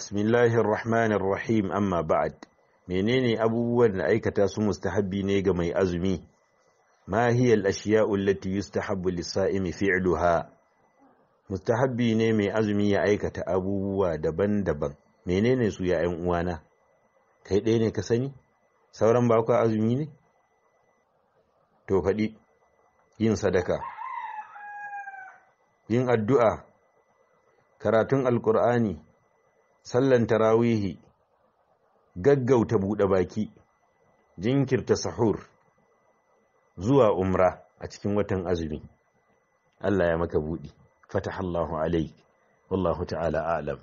bismillahir rahmanir rahim amma ba'ad menene abubuwan da aikata su mustahabbi ne ga mai azumi ma hiya al-ashiya'u allati yustahabbu lis-sa'imi fi'luha mustahabbi ne mai azumi ya aikata abubuwa daban-daban menene su ya ƴan uwana kai ɗaya ne ka sani sauran ba ku azumi ne to faɗi yin sadaka yin addu'a karatun alkur'ani sallan tarawihi gaggauta buɗe baki jinkirta sahur zuwa umra a cikin watan azumi Allah ya maka buɗi fatahallahu alaik wallahu ta'ala a'lam